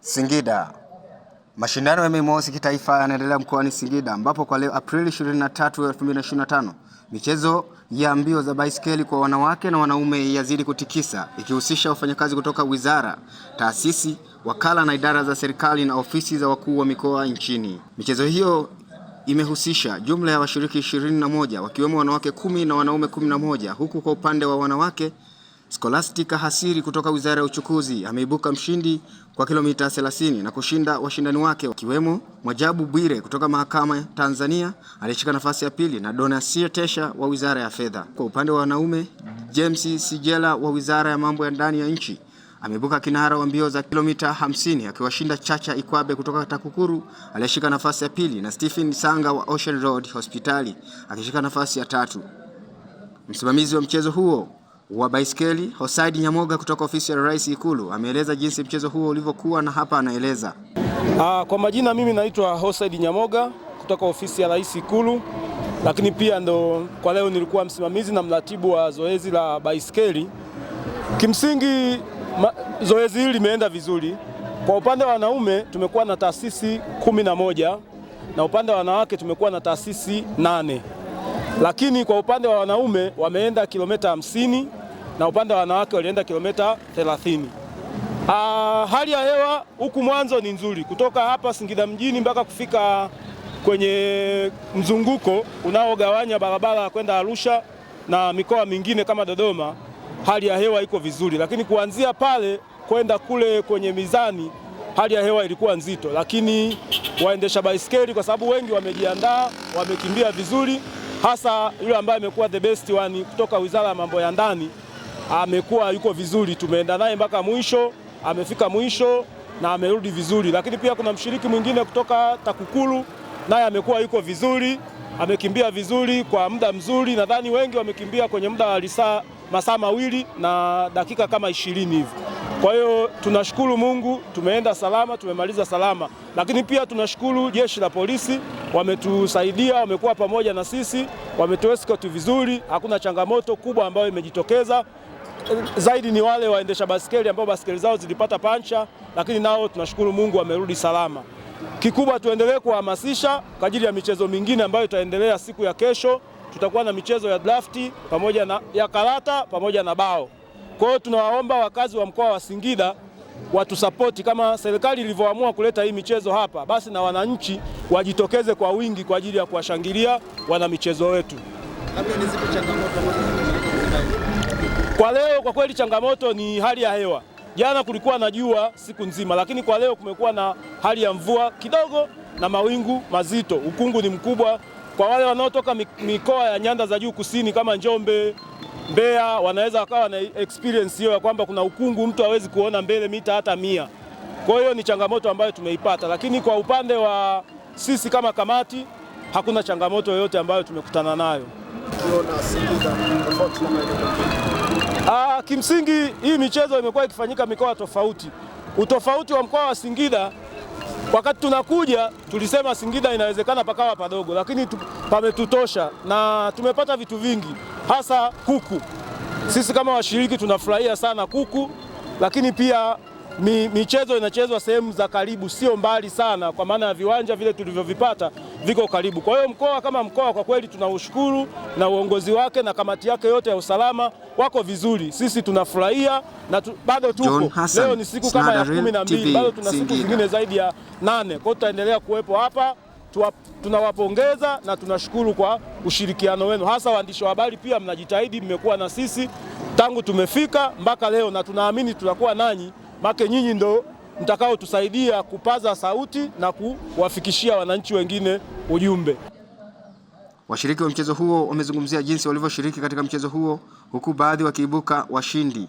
Singida. Mashindano ya MMOs kitaifa yanaendelea mkoani Singida ambapo kwa leo Aprili 23, 2025 michezo ya mbio za baiskeli kwa wanawake na wanaume yazidi kutikisa ikihusisha wafanyakazi kutoka wizara, taasisi, wakala na idara za serikali na ofisi za wakuu wa mikoa nchini. Michezo hiyo imehusisha jumla ya washiriki 21 wakiwemo wanawake kumi na wanaume 11 huku kwa upande wa wanawake Scholastica Hasiri kutoka Wizara ya Uchukuzi ameibuka mshindi kwa kilomita 30 na kushinda washindani wake wakiwemo Mwajabu Bwire kutoka Mahakama Tanzania aliyeshika nafasi ya pili na Dona Sietesha wa Wizara ya Fedha. Kwa upande wa wanaume, James Sijela wa Wizara ya Mambo ya Ndani ya Nchi ameibuka kinara wa mbio za kilomita 50 akiwashinda Chacha Ikwabe kutoka TAKUKURU aliyeshika nafasi ya pili na Stephen Sanga wa Ocean Road Hospitali akishika nafasi ya tatu. Msimamizi wa mchezo huo wa baiskeli Hosaid Nyamoga kutoka ofisi ya Rais Ikulu ameeleza jinsi mchezo huo ulivyokuwa na hapa anaeleza. Aa, ah, kwa majina mimi naitwa Hosaid Nyamoga kutoka ofisi ya Rais Ikulu, lakini pia ndo kwa leo nilikuwa msimamizi na mratibu wa zoezi la baiskeli. Kimsingi ma, zoezi hili limeenda vizuri. Kwa upande wa wanaume tumekuwa na taasisi kumi na moja na upande wa wanawake tumekuwa na taasisi nane, lakini kwa upande wa wanaume wameenda kilomita hamsini na upande wa wanawake walienda kilomita 30. Ah, hali ya hewa huku mwanzo ni nzuri, kutoka hapa Singida mjini mpaka kufika kwenye mzunguko unaogawanya barabara ya kwenda Arusha na mikoa mingine kama Dodoma, hali ya hewa iko vizuri, lakini kuanzia pale kwenda kule kwenye mizani hali ya hewa ilikuwa nzito, lakini waendesha baisikeli kwa sababu wengi wamejiandaa, wamekimbia vizuri, hasa yule ambaye amekuwa the best one kutoka Wizara ya Mambo ya Ndani amekuwa yuko vizuri, tumeenda naye mpaka mwisho, amefika mwisho na amerudi vizuri. Lakini pia kuna mshiriki mwingine kutoka TAKUKURU naye amekuwa yuko vizuri, amekimbia vizuri kwa muda mzuri. Nadhani wengi wamekimbia kwenye muda wa lisaa masaa mawili na dakika kama ishirini hivi. Kwa hiyo tunashukuru Mungu, tumeenda salama, tumemaliza salama. Lakini pia tunashukuru jeshi la polisi, wametusaidia, wamekuwa pamoja na sisi, wametueskoti vizuri, hakuna changamoto kubwa ambayo imejitokeza zaidi ni wale waendesha baskeli ambao baskeli zao zilipata pancha, lakini nao tunashukuru Mungu wamerudi salama. Kikubwa tuendelee kuhamasisha kwa ajili ya michezo mingine ambayo itaendelea siku ya kesho. Tutakuwa na michezo ya drafti pamoja na ya karata pamoja na bao. Kwa hiyo tunawaomba wakazi wa mkoa wa Singida watusapoti kama serikali ilivyoamua kuleta hii michezo hapa, basi na wananchi wajitokeze kwa wingi kwa ajili ya kuwashangilia wanamichezo wetu. Kwa leo kwa kweli changamoto ni hali ya hewa. Jana kulikuwa na jua siku nzima, lakini kwa leo kumekuwa na hali ya mvua kidogo na mawingu mazito. Ukungu ni mkubwa kwa wale wanaotoka mikoa ya nyanda za juu kusini kama Njombe, Mbeya, wanaweza wakawa na experience hiyo ya kwamba kuna ukungu, mtu hawezi kuona mbele mita hata mia. Kwa hiyo ni changamoto ambayo tumeipata, lakini kwa upande wa sisi kama kamati hakuna changamoto yoyote ambayo tumekutana nayo kukiona Singida tofauti na maeneo mengine? Ah, kimsingi hii michezo imekuwa ikifanyika mikoa tofauti. Utofauti wa mkoa wa Singida wakati tunakuja tulisema Singida inawezekana pakawa padogo, lakini pametutosha na tumepata vitu vingi, hasa kuku. Sisi kama washiriki tunafurahia sana kuku, lakini pia mi, michezo inachezwa sehemu za karibu, sio mbali sana, kwa maana ya viwanja vile tulivyovipata viko karibu. Kwa hiyo mkoa kama mkoa kwa kweli tunaushukuru na uongozi wake na kamati yake yote ya usalama wako vizuri, sisi tunafurahia na tu, bado tuko leo ni siku kama ya kumi na mbili, bado tuna siku zingine zaidi ya nane. Kwa hiyo tutaendelea kuwepo hapa tunawapongeza na tunashukuru kwa ushirikiano wenu, hasa waandishi wa habari pia mnajitahidi, mmekuwa na sisi tangu tumefika mpaka leo, na tunaamini tutakuwa nanyi make nyinyi ndo mtakaotusaidia kupaza sauti na kuwafikishia wananchi wengine ujumbe. Washiriki wa mchezo huo wamezungumzia jinsi walivyoshiriki katika mchezo huo huku baadhi wakiibuka washindi.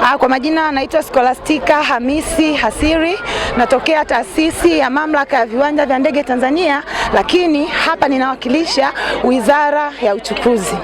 Ah, kwa majina anaitwa Skolastika Hamisi Hasiri, natokea taasisi ya mamlaka ya viwanja vya ndege Tanzania, lakini hapa ninawakilisha wizara ya uchukuzi.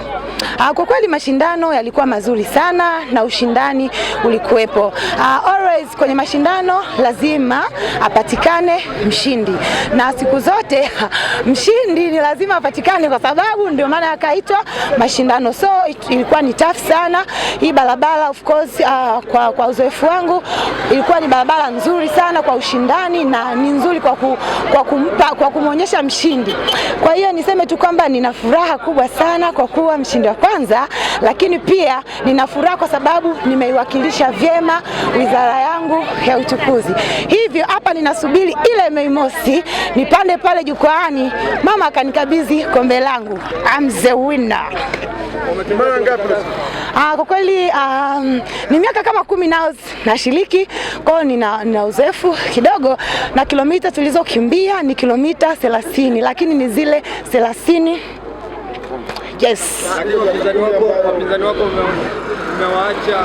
Ah, kwa kweli mashindano yalikuwa mazuri sana na ushindani ulikuwepo. Ah, always kwenye mashindano lazima apatikane mshindi, na siku zote mshindi ni lazima apatikane, kwa sababu ndio maana yakaitwa mashindano. So it, ilikuwa ni tough sana hii barabara of course. Uh, kwa, kwa uzoefu wangu ilikuwa ni barabara nzuri sana kwa ushindani na ni nzuri kwa, ku, kwa, kumpa, kwa kumwonyesha mshindi. Kwa hiyo niseme tu kwamba nina furaha kubwa sana kwa kuwa mshindi wa kwanza, lakini pia nina furaha kwa sababu nimeiwakilisha vyema wizara yangu ya uchukuzi. Hivyo hapa ninasubiri ile Mei Mosi nipande pale jukwaani, mama akanikabidhi kombe langu. I'm the winner. Mara ngapi? Ah, kwa kweli um, ni miaka kama kumi na nashiriki, kwao, hiyo nina, nina uzoefu kidogo, na kilomita tulizokimbia ni kilomita 30 lakini ni zile 30 yes. Wapinzani wako wapinzani wako umewaacha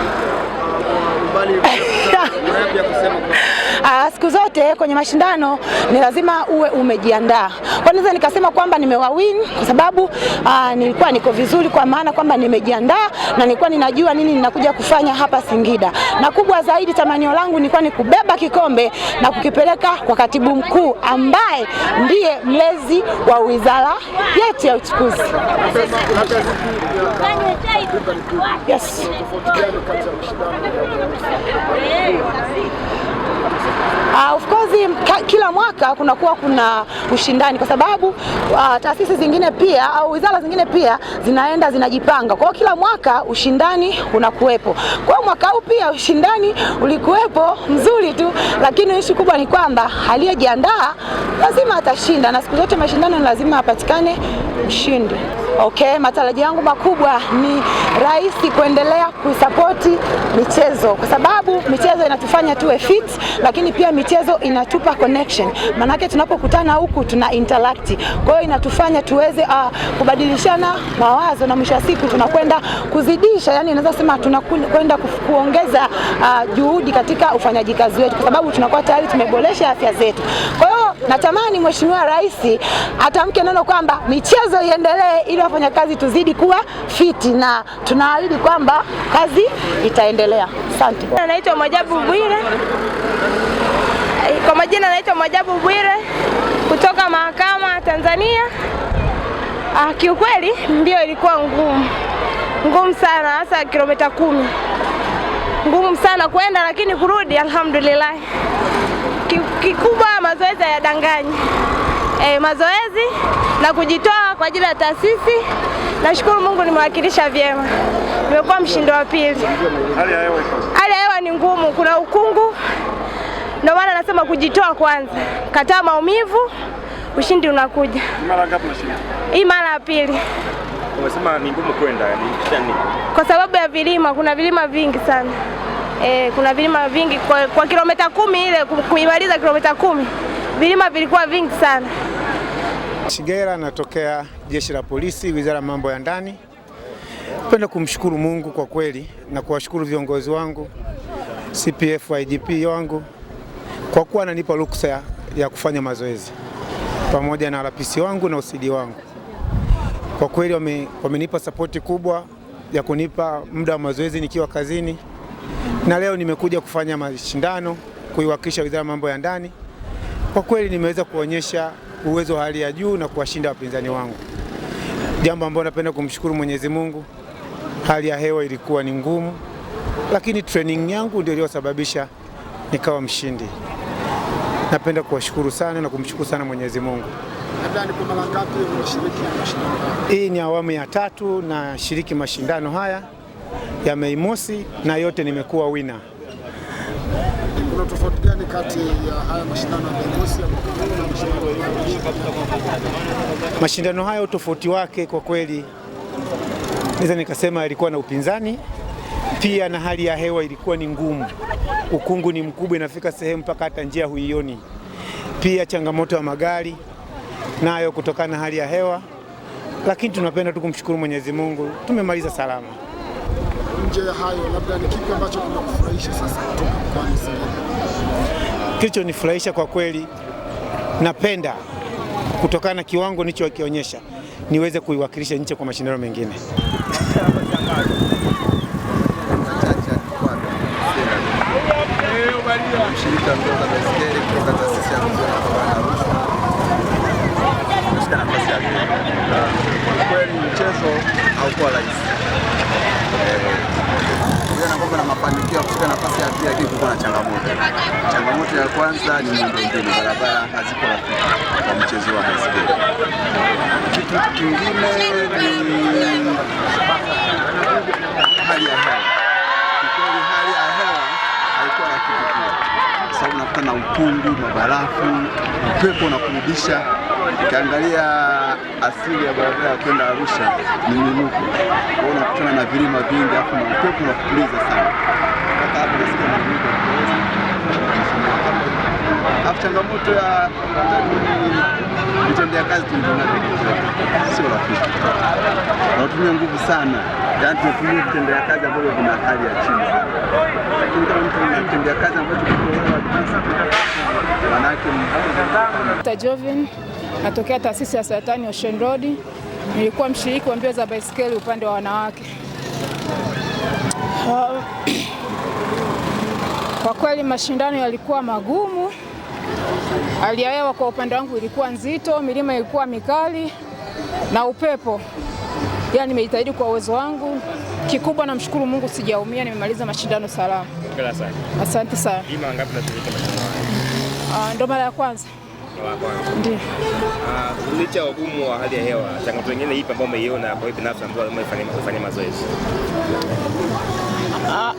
umbali, uh, uh, ya kusema kwa Uh, siku zote kwenye mashindano ni lazima uwe umejiandaa. Kwa nini nikasema kwamba nimewawin? Kwa sababu uh, nilikuwa niko vizuri kwa maana kwamba nimejiandaa na nilikuwa ninajua nini ninakuja kufanya hapa Singida, na kubwa zaidi tamanio langu nilikuwa ni kubeba kikombe na kukipeleka kwa katibu mkuu ambaye ndiye mlezi wa wizara yetu ya uchukuzi. Yes. Uh, of course kila mwaka kunakuwa kuna ushindani kwa sababu uh, taasisi zingine pia au wizara zingine pia zinaenda zinajipanga. Kwa hiyo kila mwaka ushindani unakuwepo. Kwa hiyo mwaka huu pia ushindani ulikuwepo mzuri tu, lakini ishi kubwa ni kwamba aliyejiandaa lazima atashinda, na siku zote mashindano lazima apatikane mshindi. Okay, matarajio yangu makubwa ni rais kuendelea kuisapoti michezo kwa sababu michezo inatufanya tuwe fit, lakini pia michezo inatupa connection, maanake tunapokutana huku tuna interact, kwa hiyo inatufanya tuweze uh, kubadilishana mawazo na mwisho wa siku tunakwenda kuzidisha, yani naweza sema tunakwenda kuongeza uh, juhudi katika ufanyaji kazi wetu, kwa sababu tunakuwa tayari tumeboresha afya zetu. Kwa hiyo Natamani Mheshimiwa Rais atamke neno kwamba michezo iendelee ili wafanyakazi tuzidi kuwa fiti, na tunaahidi kwamba kazi itaendelea. Asante. Naitwa Mwajabu Bwire. Kwa majina naitwa Mwajabu Bwire kutoka Mahakama Tanzania. Ah, kiukweli mbio ilikuwa ngumu ngumu sana, hasa kilomita kumi ngumu sana kwenda, lakini kurudi alhamdulillah kikubwa mazoezi hayadanganyi. E, mazoezi na kujitoa kwa ajili ya taasisi. Nashukuru Mungu nimewakilisha vyema, nimekuwa mshindi wa pili. Hali ya hewa ni ngumu, kuna ukungu, ndio maana nasema kujitoa kwanza, kataa maumivu, ushindi unakuja. Hii mara ya pili umesema ni ngumu kwenda kwa sababu ya vilima, kuna vilima vingi sana. E, kuna vilima vingi kwa, kwa kilomita kumi ile kuimaliza kilomita kumi vilima vilikuwa vingi sana. Shigera natokea jeshi la polisi, wizara ya mambo ya ndani. Napenda kumshukuru Mungu kwa kweli na kuwashukuru viongozi wangu CPF, IGP wangu kwa kuwa ananipa ruksa ya, ya kufanya mazoezi pamoja na RPC wangu na OCD wangu. Kwa kweli wamenipa wame sapoti kubwa ya kunipa muda wa mazoezi nikiwa kazini na leo nimekuja kufanya mashindano kuiwakilisha Wizara ya Mambo ya Ndani. Kwa kweli nimeweza kuonyesha uwezo wa hali ya juu na kuwashinda wapinzani wangu, jambo ambalo napenda kumshukuru Mwenyezi Mungu. Hali ya hewa ilikuwa ni ngumu, lakini training yangu ndio iliyosababisha nikawa mshindi. Napenda kuwashukuru sana na kumshukuru sana Mwenyezi Mungu. Hii ni awamu ya tatu na shiriki mashindano haya ya Mei Mosi na yote nimekuwa wina. Kuna tofauti gani kati ya haya mashindano ya Mei Mosi ya mashindano haya? tofauti wake kwa kweli naweza nikasema yalikuwa na upinzani pia, na hali ya hewa ilikuwa ni ngumu, ukungu ni mkubwa, inafika sehemu mpaka hata njia huioni. Pia changamoto ya magari nayo kutokana na hali ya hewa, lakini tunapenda tu kumshukuru Mwenyezi Mungu tumemaliza salama nje ya hayo, labda ni kipi ambacho kinakufurahisha sasa kutoka mkoani Singida? Kilichonifurahisha kwa kweli, napenda kutokana na kiwango nilichokionyesha niweze kuiwakilisha nchi kwa mashindano mengine haukuwa rahisi eh, kwamba na mafanikio ya kushika nafasi ya pili, lakini kulikuwa na changamoto. Changamoto ya kwanza ni miundombinu, barabara haziko rafiki kwa mchezo wa baiskeli. Kitu kingine ni hali ya hewa. Kikweli hali ya hewa haikuwa sababu unakuta na ukungu, mabarafu, upepo unakurudisha Ukiangalia asili ya barabara ya kwenda Arusha ni miinuko, kwa unakutana na vilima vingi, afu na upepo unakupuliza sana afu changamoto ya kutendea kazi sio rafiki, unatumia nguvu sana, yaani tunatumia kutendea kazi ambayo kuna hali ya chini sana, lakini kama mtu ana vitendea kazi ambacho Jovin natokea taasisi ya saratani Ocean Road. Nilikuwa mshiriki wa mbio za baisikeli upande wa wanawake. Ah, kwa kweli mashindano yalikuwa magumu, hali ya hewa kwa upande wangu ilikuwa nzito, milima ilikuwa mikali na upepo. Yaani nimejitahidi kwa uwezo wangu kikubwa, namshukuru Mungu sijaumia, nimemaliza mashindano salama. Asante sana. Asante sana. Ah, ndo mara ya kwanza ndio. Uh, licha ya ugumu wa hali ya hewa, changamoto nyingine ipi ambayo umeiona kwa binafsi ambayo umefanya mazoezi? Ah,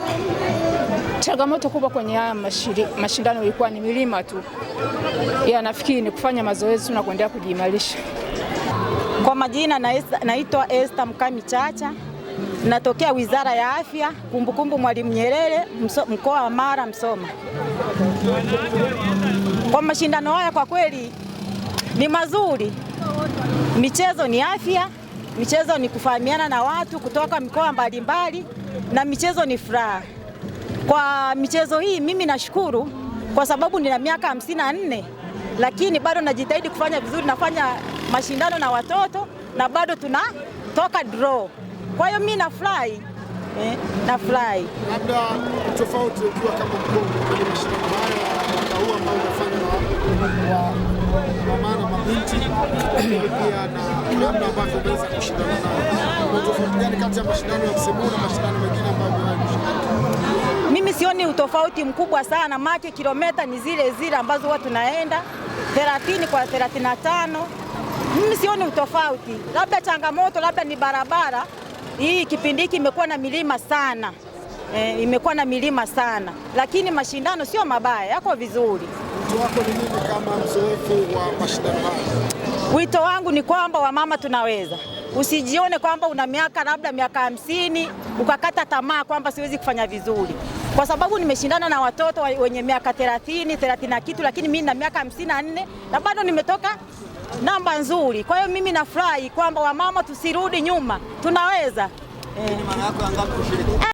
changamoto kubwa kwenye haya mashindano ilikuwa ni milima tu ya, nafikiri ni kufanya mazoezi tu na kuendelea kujiimarisha. Kwa majina naitwa na Esther Mkami Chacha, natokea Wizara ya Afya, kumbukumbu Mwalimu Nyerere, mkoa wa Mara, Msoma kwa mashindano haya kwa kweli ni mazuri. Michezo ni afya, michezo ni kufahamiana na watu kutoka mikoa mbalimbali, na michezo ni furaha. Kwa michezo hii mimi nashukuru kwa sababu nina miaka hamsini na nne lakini bado najitahidi kufanya vizuri, nafanya mashindano na watoto na bado tunatoka draw. Kwa hiyo mi nafurahi eh, nafurahi. Labda tofauti ukiwa kama mkongwe kwenye mashindano haya huu ambao unafanya wa maana mabinti pia na namna ambavyo umeweza kushindana nao. Kuna tofauti gani kati ya mashindano ya msimu na mashindano mengine ambayo mimi sioni utofauti mkubwa sana, make kilomita ni zile zile ambazo huwa tunaenda 30 kwa 35. Mimi sioni utofauti, labda changamoto labda ni barabara. Hii kipindi hiki imekuwa na milima sana e, imekuwa na milima sana, lakini mashindano sio mabaya, yako vizuri wito wako ni nini kama mzoefu wa mashindano haya? Wito wangu ni kwamba wamama tunaweza, usijione kwamba una miaka labda miaka hamsini ukakata tamaa kwamba siwezi kufanya vizuri kwa sababu nimeshindana na watoto wenye miaka 30 30 na kitu, lakini mimi na miaka 54 na bado nimetoka namba nzuri. Kwa hiyo mimi nafurahi kwamba wamama tusirudi nyuma, tunaweza eh.